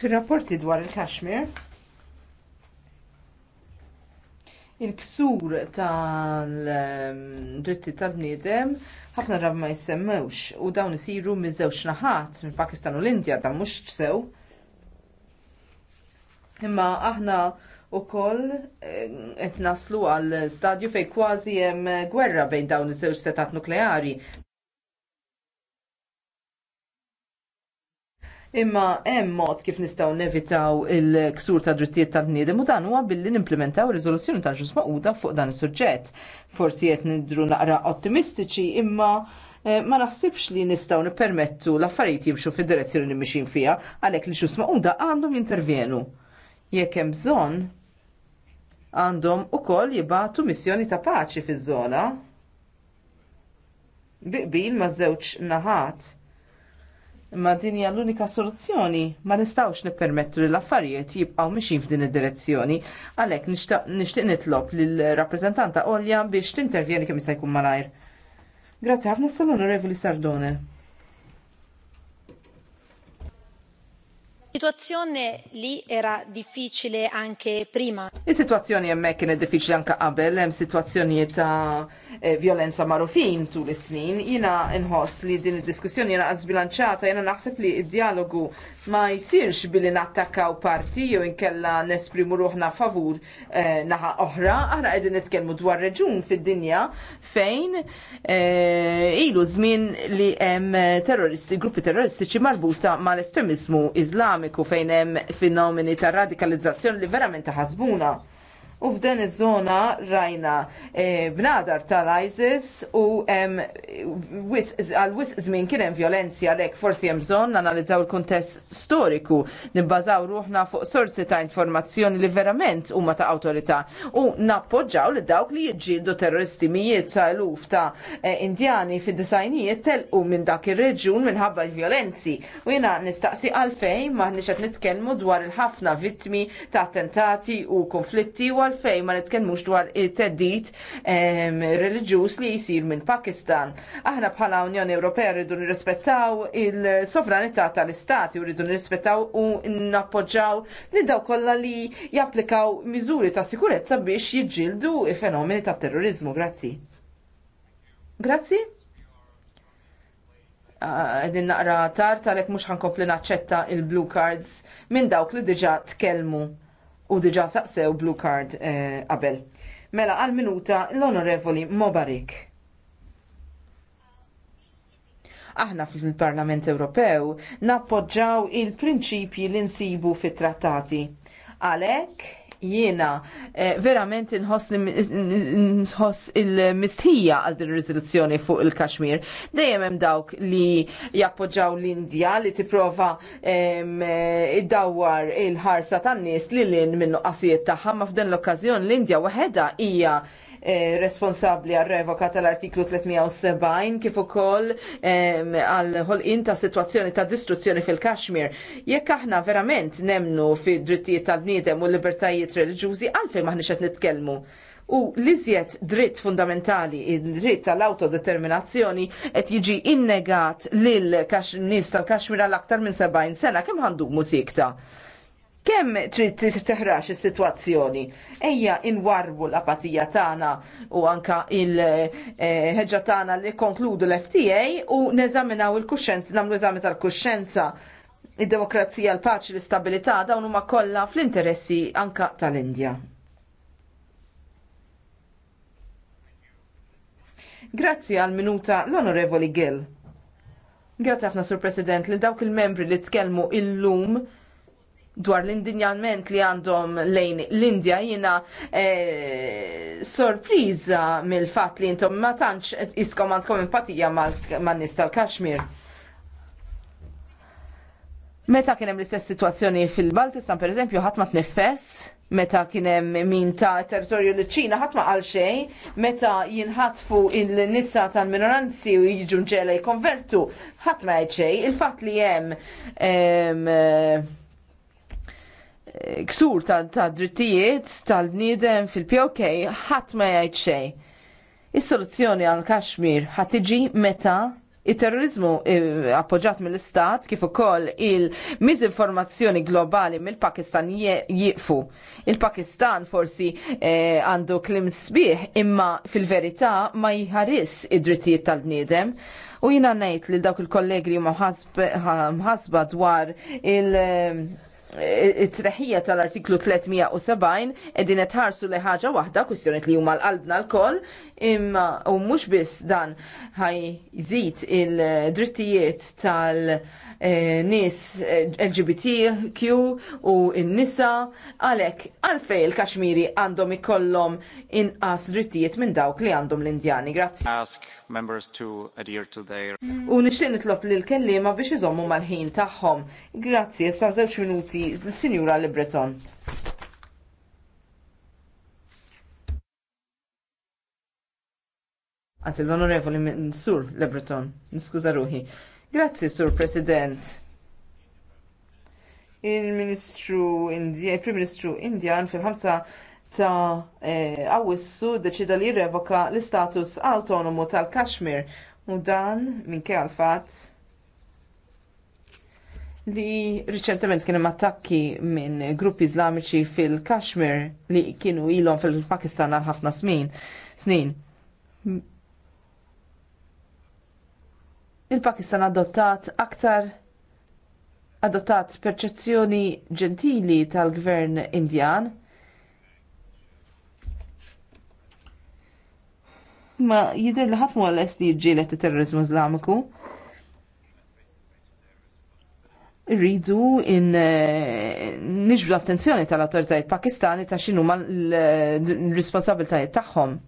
Fir-rapporti dwar il-Kashmir, il-ksur tal-dritti tal-bniedem ħafna drabi ma jissemmewx u dawn isiru miż-żewġ naħat mill-Pakistan u l-Indja dan mhux sew Imma aħna u koll eh, qed naslu għal stadju fej kważi hemm gwerra bejn dawn iż-żewġ setat nukleari. Imma hemm mod kif nistgħu nevitaw il-ksur ta' drittijiet tal-bniedem u dan huwa billi nimplementaw riżoluzzjoni tal-ġus maquda fuq dan is-suġġett. Forsi qed nidru naqra ottimistiċi imma eh, ma naħsibx li nistaw nipermettu l-affarijiet jimxu fid-direzzjoni li mixin fija, għalhekk li xusma u da għandhom jintervjenu jekk hemm bżonn għandhom ukoll jibgħatu missjoni ta' paċi fiż-żona biqbil ma' żewġ naħat. Imma din hija l-unika soluzzjoni ma nistgħux nippermettu li l-affarijiet jibqgħu mixin f'din id-direzzjoni. Għalhekk nixtieq nitlob lill rappreżentanta Olja biex tintervjeni kemm jista' jkun malajr. Grazzi ħafna sal Sardone. Situazzjoni li era diffiċile anke prima. is situazzjoni hemmhekk kienet diffiċli anke qabel, hemm situazzjonijiet ta' Eh, violenza marufin tul is-snin, jina nħoss li din id-diskussjoni jina għazbilanċata, jina naħseb li id-dialogu ma jisirx billi nattakkaw parti jew inkella nesprimu ruħna favur eh, naħa oħra, aħna qegħdin nitkellmu dwar reġun fid-dinja fejn eh, ilu żmien li hemm eh, terroristi, gruppi terroristiċi marbuta mal-estremizmu iżlamiku fejn hemm fenomeni ta' radikalizzazzjoni li verament taħasbuna u f'dan iż-żona rajna eh, bnadar tal-ISIS u għal wisq żmien kien hemm violenzi għalhekk forsi hemm bżonn analizzaw il-kuntest storiku nibbażaw ruħna fuq sorsi ta' informazzjoni li verament huma ta' awtorità u nappoġġaw li dawk li jiġġieldu terroristi mijiet ta' eluf ta' eh, indjani fid-disajnijiet telqu minn dak ir-reġjun minħabba l-violenzi u jiena nistaqsi għalfejn maħniex qed nitkellmu dwar il-ħafna vittmi ta' attentati u konflitti u wkoll fejn ma nitkellmux dwar it-teddit reliġjuż li jsir minn Pakistan. Aħna bħala Unjoni Ewropea rridu nirrispettaw il-sovranità tal-istati u rridu nirrispettaw u nappoġġaw li daw kollha li japplikaw miżuri ta' sikurezza biex jiġġieldu fenomeni ta' terrorizmu. Grazzi. Grazzi għedin naqra tar tal-ek mux ħankopli naċċetta il-blue cards minn dawk li diġa tkellmu u diġa saqsew blue card eh, qabel. mela għal minuta l-onorevoli Mobarik. Aħna fil-Parlament Ewropew nappoġġaw il-prinċipji li nsibu fit-trattati. Għalhekk jiena eh, verament nħoss il-mistħija għal din riżoluzzjoni fuq il-Kashmir. Dejjem hemm dawk li jappoġġaw l-Indja li tipprova eh, iddawwar il-ħarsa tan-nies li lin minnu qasijiet tagħha ma f'dan l-okkażjon l-Indja waħedha hija Eh, responsabbli għal revoka tal-artiklu 370 kif ukoll għal ħolqien ta' sitwazzjoni ta' distruzzjoni fil-Kashmir. Jekk aħna verament nemnu fi drittijiet tal-bniedem u l-libertajiet reliġjużi għalfejn maħniex qed nitkellmu. U liżjed dritt fundamentali, dritt tal-autodeterminazzjoni, qed jiġi innegat lil nies tal kashmir għal aktar minn 70 sena kemm għandu musikta. Kemm trid teħrax is-sitwazzjoni? Ejja inwarbu l-apatija tagħna u anka il-ħeġġa eh, tagħna li konkludu l-FTA u neżaminaw il-kuxenza, nagħmlu eżami tal-kuxenza id-demokrazija, l-paċi, l-istabilità dawn huma kollha fl-interessi anka tal-Indja. Grazzi għal minuta l-Onorevoli Gill. Grazzi ħafna Sur President li dawk il-membri li tkellmu illum lum dwar l-indinjament li għandhom lejn l-Indja jina e, sorpriża mill-fat li intom ma tantx iskom għandkom empatija man-nies tal-Kaxmir. Meta kien hemm l-istess sitwazzjoni fil-Baltistan pereżempju ħadd ma tnifess, meta kien hemm min ta' territorju li ċina ħadd ma qal xejn, meta jinħatfu il-nisa tal-minoranzi u jiġu mġela jkonvertu, ħadd ma jgħid xejn, il-fatt li hemm ksur ta' drittijiet tal-bniedem fil-POK ħadd ma jgħid xejn. Is-soluzzjoni għal Kashmir ħadd tiġi meta il-terrorizmu eh, appoġġat mill-istat kif ukoll il-miżinformazzjoni globali mill-Pakistan jieqfu. Il-Pakistan forsi eh, għandu e, klim sbieħ imma fil-verità ma jħaris id-drittijiet tal-bniedem. U jina ngħid li dawk il-kollegi li huma mħasba dwar il- it-treħija tal-artiklu 370 edin etħarsu li ħaġa wahda, kwistjoniet li huma l-qalbna l-koll, imma u mux biss dan ħaj zid il-drittijiet tal- Eh, eh, LGBT LGBTQ u n-nisa għalhekk għalfejn il kashmiri għandhom ikollhom inqas drittijiet minn dawk li għandhom l-Indjani. Grazzi. Ask members to adhere to their U nixtieq nitlob lil kelliema biex iżommu mal-ħin tagħhom. Grazzi, issa żewġ minuti l-Sinjura Libreton. Anzi, l-onorevoli Sur Lebreton, niskuza ruħi. Grazzi, Sur President. Il-Ministru Indjan, il-Prim Ministru fil-5 ta' eh, Awwissu deċida li jirrevoka l-istatus autonomu tal-Kashmir u dan minkejja l-fatt li riċentement kien hemm attakki minn gruppi Iżlamiċi fil-Kashmir li kienu ilhom fil-Pakistan għal ħafna snin il-Pakistan adottat aktar adottat perċezzjoni ġentili tal-gvern indjan ma jidher li ħadd mhu lest li jġielet terrorizmu Iżlamiku. Rridu in niġbdu attenzjoni tal-autoritajiet Pakistani ta' x'inhuma l-responsabiltajiet tagħhom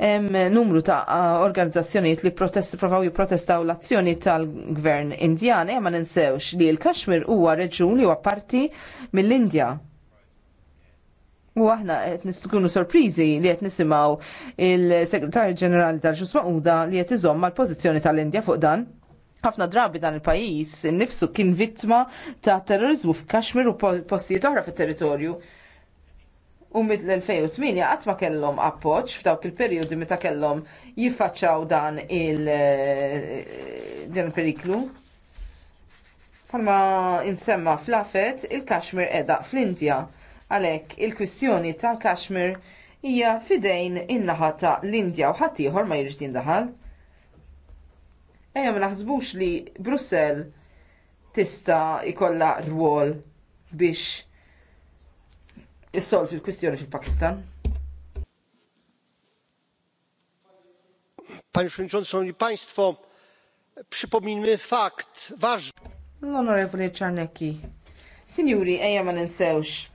hemm numru ta' organizzazzjonijiet li protest, provaw jipprotestaw l-azzjoni tal-gvern Indjan, ma ninsewx li l-Kashmir huwa reġun li huwa parti mill-Indja. U aħna qed nistkunu sorpriżi li qed nisimgħu il-Segretarju Ġenerali tal-Ġus Maquda li qed iżomm mal-pożizzjoni tal-Indja fuq dan. Ħafna drabi dan il-pajjiż innifsu kien vittma ta' terrorizmu f'Kashmir u postijiet oħra fit-territorju u mid-2008 qatt ma kellhom appoġġ f'dawk il-perjodi meta kellhom jiffaċċaw dan eh, il-periklu. Palma insemma fl il-Kashmir qiegħda fl-Indja għalhekk il-kwistjoni tal-Kashmir hija fidejn in-naħa ta' l-Indja u ħadd ieħor ma jiġi jindaħal. Ejja ma naħsbux li Brussell tista' ikolla rwol biex Is-sol fil kwistjoni fil-Pakistan. Panie Przewodniczący, Państwo, przypomnijmy fakt ważny. l Czarnecki, Sinjuri, ejja ma ninsewx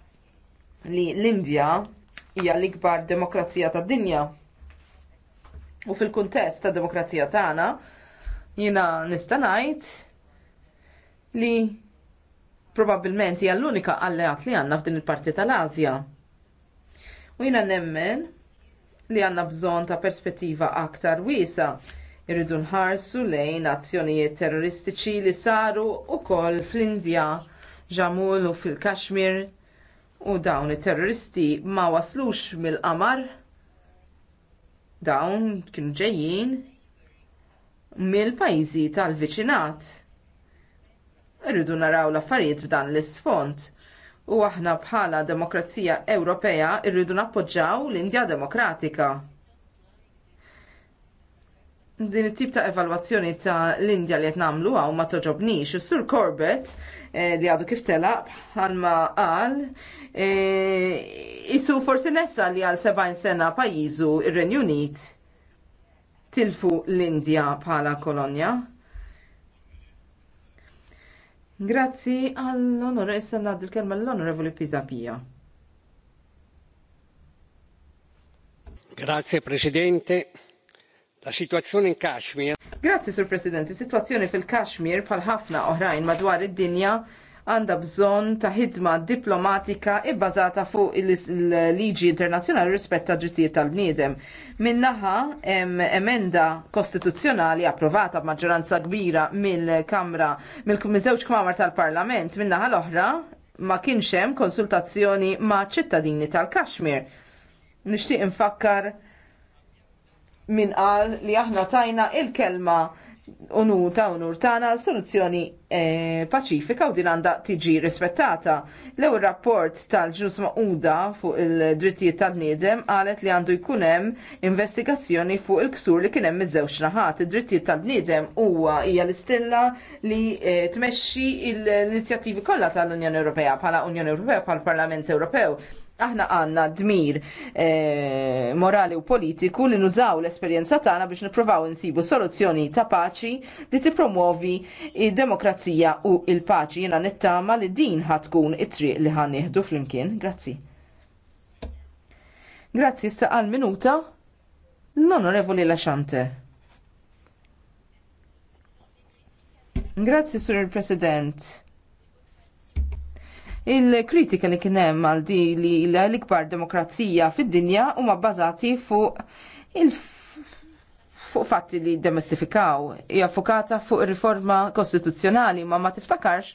li l-Indja hija l-ikbar demokrazija tad dinja. U fil-kuntest tad demokrazija tagħna jiena nista' ngħid li probabbilment hija l-unika alleat li għandna f'din il-parti tal-Asja. U jiena nemmen li għandna bżonn ta' perspettiva aktar wiesa irridu nħarsu lejn azzjonijiet terroristiċi li saru wkoll fl-Indja, ġamul u fil-Kashmir u dawn it-terroristi ma waslux mill-qamar dawn kienu ġejjin mill-pajjiżi tal-viċinat. Irridu naraw l-affarijiet f'dan l-isfond. U aħna bħala demokrazija Ewropea rridu nappoġġaw l-Indja Demokratika. Din it-tip ta' evalwazzjoni ta' l-Indja li qed nagħmlu hawn ma toġobnix. u sur Corbett eh, li għadu kif telaq bħalma qal eh, isu forsi nessa li għal 70 sena pajjiżu ir-Renju Unit tilfu l-Indja bħala kolonja. Grazzi għall-onore, issa ngħaddi il kelma l-onorevoli Pisapia. Grazie Presidente. La situazzjoni in Kashmir. Grazzi Sur Presidente, situazzjoni fil-Kashmir bħal ħafna oħrajn madwar id-dinja għandha bżonn ta' ħidma diplomatika ibbażata fuq il-liġi internazzjonali rispett ta' tal-bniedem. Minnaħa emenda kostituzzjonali approvata b'maġġoranza kbira mill-Kamra mill-żewġ kmamar tal-Parlament minnaħa l-oħra ma kienx hemm konsultazzjoni ma' ċittadini tal-Kashmir. Nixtieq infakkar min qal li aħna tajna il-kelma unu ta' unur tana soluzzjoni e, paċifika u din għandha tiġi rispettata. L-ewwel rapport tal-ġus maquda fuq il-drittijiet tal-bniedem qalet li għandu jkun hemm investigazzjoni fuq il-ksur li kien hemm iż-żewġ naħat. Id-drittijiet tal-bniedem huwa hija l-istilla li e, tmexxi l-inizjattivi kollha tal-Unjoni Ewropea bħala Unjoni Ewropea bħal Parlament Ewropew aħna għanna dmir e, morali u politiku li nużaw l-esperjenza tagħna biex nippruvaw insibu soluzzjoni ta' paċi li tippromuovi id-demokrazija u il-paċi. Jiena nittama li din ħatkun it-triq li ħan nieħdu flimkien. Grazzi. Grazzi issa għal minuta l-Onorevoli Laxante. Grazzi, Sur President Il-kritika li kien hemm għal di li l-ikbar demokrazija fid-dinja huma bbażati fuq il fuq fatti li domestifikaw, hija fuq ir riforma kostituzzjonali ma ma tiftakarx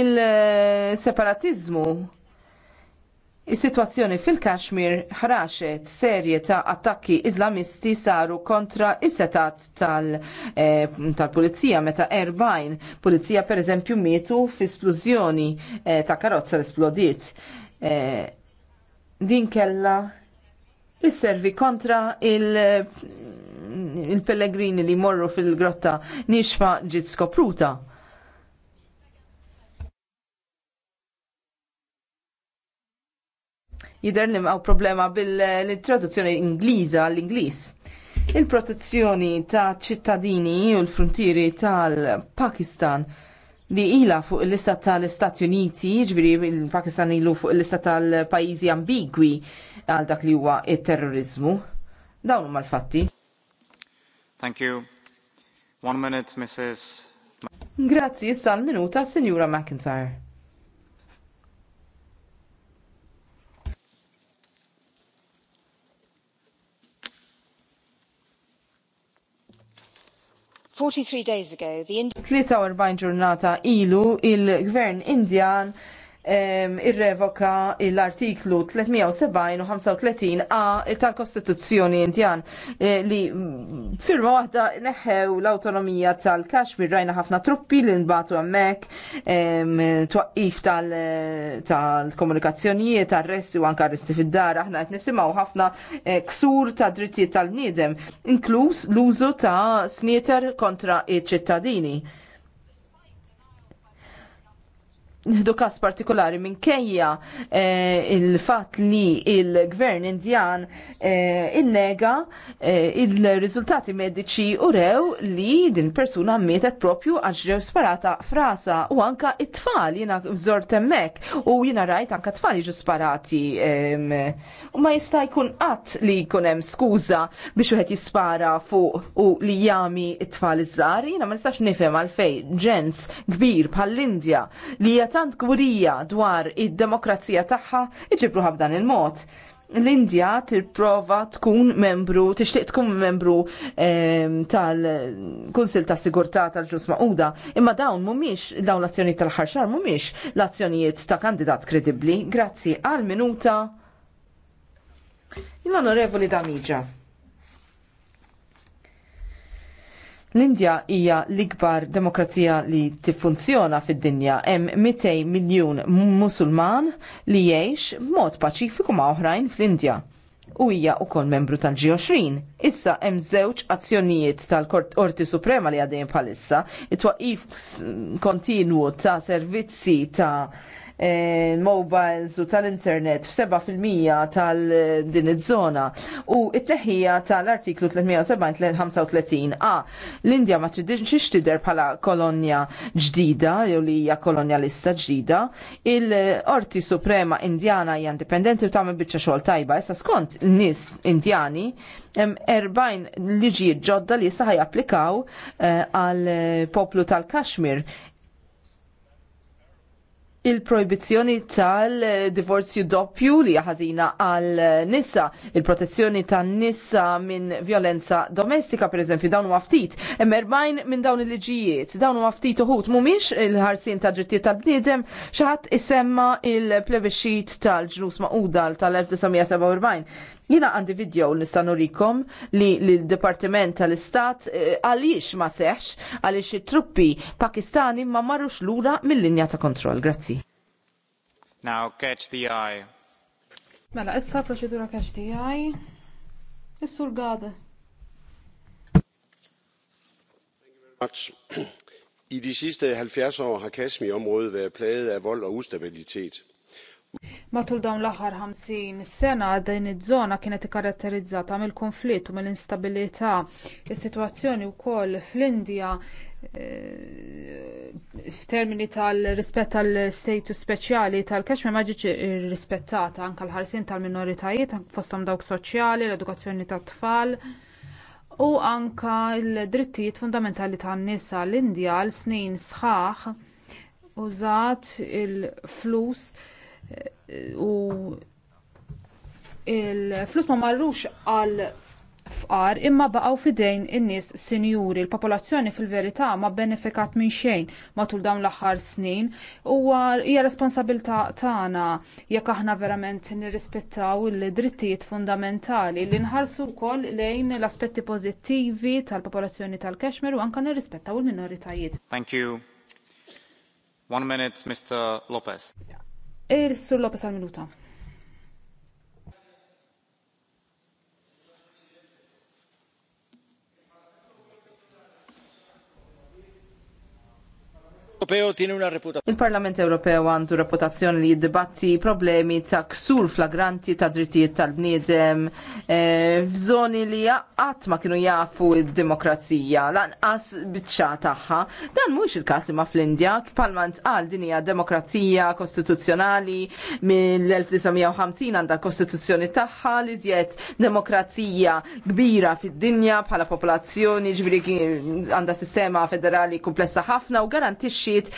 il-separatizmu Is-sitwazzjoni fil-Kashmir ħraxet serje ta' attakki iżlamisti saru kontra is-setat eh, tal-pulizija tal meta erbajn pulizija pereżempju mietu fl-isplużjoni eh, ta' karozza l-esplodiet. E, eh, din kella isservi kontra il-pellegrini li morru fil-grotta nixfa ġiet skopruta Jidher li ma' problema bil-traduzzjoni Ingliża l-Ingliż. Il-protezzjoni ta' ċittadini u l-frontieri tal-Pakistan li ila fuq il-lista tal-Istati Uniti, ġviri il-Pakistan ilu fuq il-lista tal-pajizi ambigwi għal dak li huwa il-terrorizmu. Dawn huma l-fatti. Thank you. One minute, Mrs. Grazzi, issa minuta Signora McIntyre. 43 days ago, the 43 ġurnata ilu il-gvern Indjan irrevoka l-artiklu 370 u 35 a tal-Kostituzzjoni Indjan eh, li mm, firma waħda neħew l-autonomija tal-Kashmir rajna ħafna truppi li nbatu hemmhekk twaqqif tal-komunikazzjonijiet arresti u anke arresti fid-dar aħna qed nisimgħu ħafna eh, ksur ta' drittijiet tal-bniedem inkluż l-użu ta' snieter kontra iċ-ċittadini Nħdu kas partikolari minn kejja eh, il-fat li il-gvern indjan eh, innega eh, il-rizultati mediċi u rew li din persuna metet propju għax ġew sparata frasa u anka it-tfal jina bżor temmek u jina rajt anka tfal ġu sparati eh, u ma jista' jkun qatt li jkun hemm skuża biex uħed jispara fuq u li jami it-tfal iż-żar jina ma nistax nifhem għalfej ġens kbir bħall-Indja li tant gwrija dwar id-demokrazija tagħha iġibru b'dan il-mod l-Indja tipprova tkun membru, tixtieq tkun membru ehm, tal-Kunsil ta' Sigurtà tal-Ġus Maquda, imma dawn mhumiex dawn l-azzjonijiet tal-ħarxar mhumiex l-azzjonijiet ta' kandidat kredibbli. Grazzi għal minuta. l onorevoli Damiġa. L-Indja hija l-ikbar demokrazija li tiffunzjona fid-dinja. Hemm 200 miljun Musulman li jgħix b'mod paċifiku ma' oħrajn fl-Indja. U hija wkoll membru tal-G20. Issa hemm żewġ azzjonijiet tal-Qorti Suprema li għaddejn bħalissa, it-twaqif kontinwu ta' servizzi ta' Eh, mobiles u tal-internet f-7% tal-din iż-żona u it-teħija tal-artiklu 375 a l-Indja ma tridinx tider bħala kolonja ġdida jew li hija kolonjalista ġdida il-Qorti Suprema Indjana hija indipendenti u tagħmel biċċa xogħol tajba issa skont nies Indjani hemm 40 liġijiet ġodda li issa ħajapplikaw applikaw eh, għal poplu tal-Kashmir il-projbizzjoni tal-divorzju doppju li ħażina għal nissa, il-protezzjoni tan nissa minn violenza domestika, per eżempju, dawn u ftit. Emmerbajn minn dawn il-liġijiet, dawn u ftit uħut mumiex il-ħarsin ta' drittijiet tal-bniedem, xaħat isemma il-plebisċit tal ġlus ma'udal tal-1947. Jina għandi video nista' nurikom li l departiment tal-Istat eh, għalix ma seħx għalix truppi Pakistani ma marrux lura mill-linja ta' kontroll. Grazzi. Now catch the eye. Mela, issa proċedura catch the eye. Issur sur għada. I de sidste 70 år har Kashmir-området været plaget af vold og ustabilitet matul dawn l-aħħar 50 sena din iż-żona kienet ikkaratterizzata mill-kunflitt u mill-instabbiltà is-sitwazzjoni wkoll fl-indja eh, f'termini tal-rispett tal-istatus speċjali tal-kashmir ma ġietx irrispettata anke l-ħarsien tal-minoritajiet fosthom dawk soċjali l-edukazzjoni tat-tfal u anke l drittijiet fundamentali tan-nisa l-indja għal snin sħaħ użat il-flus u il-flus ma marrux għal fqar imma baqgħu f'idejn in-nies sinjuri il-popolazzjoni fil-verità ma bbenefikat minn xejn matul dawn l-aħħar snin U hija responsabilità tagħna jekk aħna verament nirrispettaw id-drittijiet fundamentali li nħarsu wkoll lejn l-aspetti pożittivi tal-popolazzjoni tal-Kashmir u anke nirrispettaw il-minoritajiet. Thank you. One minute, Mr. Lopez. Il-Sur Lopez għal-Minuta. Il-Parlament Ewropew għandu reputazzjoni li jiddibatti problemi ta' ksur flagranti ta' drittijiet tal-bniedem eh, f'żoni li qatt ma kienu jafu id-demokrazija lanqas bicċa tagħha. Dan mhux il-każ imma fl-Indja palmant qal din hija demokrazija kostituzzjonali mill-1950 għandha l-kostituzzjoni tagħha li żjed demokrazija kbira fid-dinja bħala popolazzjoni ġifieri għandha sistema federali komplessa ħafna u garantixxi mixjiet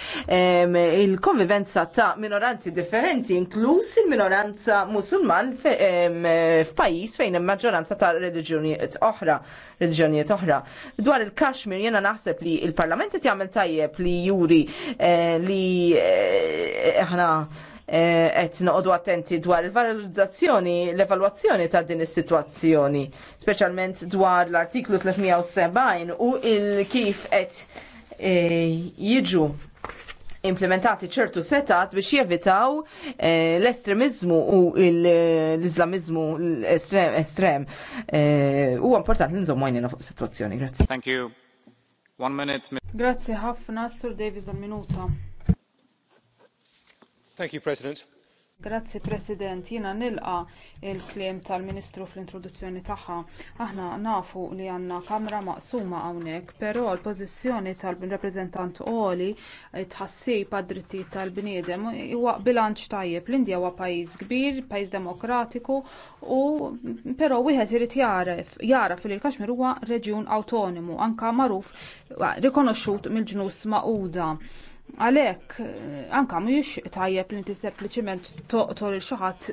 il-konvivenza ta' minoranzi differenti, inkluż il-minoranza musulman f'pajjiż fejn hemm maġġoranza ta' reliġjonijiet oħra, reliġjonijiet oħra. Dwar il-Kashmir jiena naħseb li il-Parlament qed jagħmel tajjeb li juri eh, li eh, aħna eh, qed noqogħdu attenti dwar il-valorizzazzjoni, l-evalwazzjoni ta' din is-sitwazzjoni, speċjalment dwar l-artiklu 370 u il kif qed E, jiġu implementati ċertu setat biex jevitaw eh, l-estremizmu u l-islamizmu estrem. estrem. Eh, u importanti nżommu għajnina fuq situazzjoni. Grazie. Thank you. One minute. Grazie ħafna, Sur Davis, minuta. Thank you, President Grazzi President, jiena nilqa l-kliem tal-Ministru fl-introduzzjoni tagħha. Aħna nafu li għandna kamra maqsuma hawnhekk, però l-pożizzjoni tal-rappreżentant Oli tħassib għad-drittijiet tal-bniedem huwa bilanċ tajjeb. L-Indja huwa pajjiż kbir, pajjiż demokratiku, u però wieħed irid jaref jara fil-Kaxmir huwa reġjun awtonomu, anke magħruf rikonoxxut mill-ġnus Magħquda Għalhekk eh, anke mux tajjeb li inti sempliċiment toqtol xaħat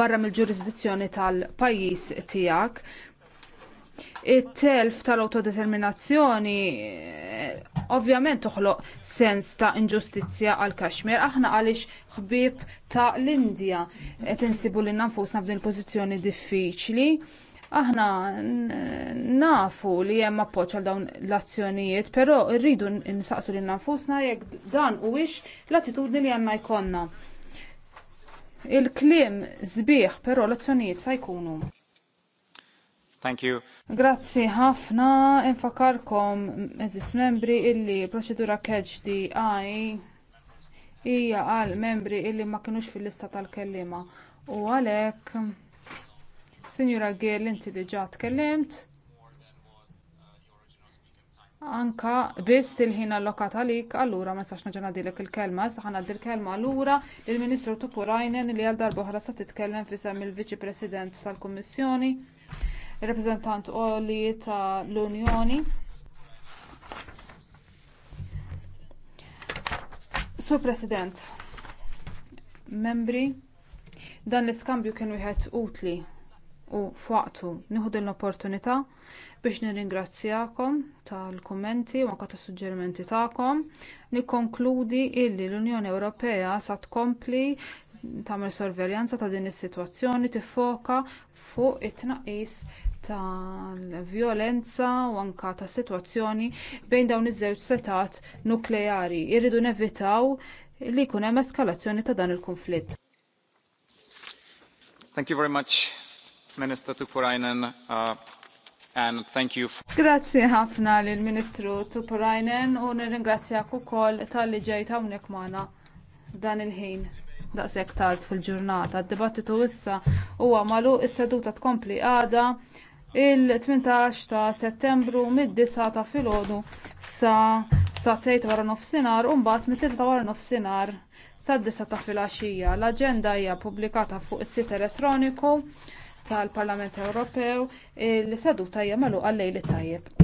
barra mill-ġurisdizzjoni tal-pajjiż tiegħek. It-telf tal-autodeterminazzjoni eh, ovvjament toħloq sens ta' inġustizzja għal kaxmir. Aħna għaliex ħbieb ta' l indija qed insibu lil nfusna f'din pożizzjoni diffiċli. Aħna nafu li hemm appoġġ għal dawn l-azzjonijiet, però rridu nsaqsu lil nafusna jekk dan huwiex l-attitudni li għandna jkollna. Il-kliem sbieħ, però l-azzjonijiet sa jkunu. Thank you. Grazzi ħafna, infakarkom, eżis membri, illi proċedura catch di hija għal membri illi ma kinux fil-lista tal-kellima. U għalhekk Sinjura Gill, inti diġà tkellimt. Anka biss il-ħin allokat għalik, allura ma setax naġa ngħaddilek il-kelma, issa ħana l kelma allura lill ministru Tupurajnen li għal darba oħra se titkellem fisem il-Viċi President tal-Kummissjoni, il-Reprezentant Oli tal-Unjoni. Sur President, membri, dan l-iskambju kien wieħed utli u f'waqtu nieħu din l-opportunità biex nirringrazzjakom tal-kummenti u anke tas-suġġerimenti tagħkom nikkonkludi li l-unjoni ewropea sa tkompli tagħmel sorveljanza ta' din is-sitwazzjoni tiffoka fuq it-tnaqqis tal-vjolenza u anke tas-sitwazzjoni bejn dawn iż-żewġ setat nukleari jridu nevitaw li jkun hemm eskalazzjoni ta' dan il-kunflitt Minister Tupurainen uh, and thank you. For... Grazzi ħafna lill Ministru Tupurainen u nirringrazzjak ukoll tal-li ġejt hawnhekk magħna dan il-ħin daqshekk tard fil-ġurnata. Id-dibattitu issa huwa malu is-seduta tkompli għada il-18 ta' Settembru mid-9 ta' filgħodu sa sa tgħid wara nofsinhar u mbagħad mit-tlieta ta' wara nofsinhar sad-disa ta' filgħaxija. L-aġenda hija pubblikata fuq is-sit elettroniku tal-Parlament Ewropew li seduta hija magħluqa lejli tajjeb.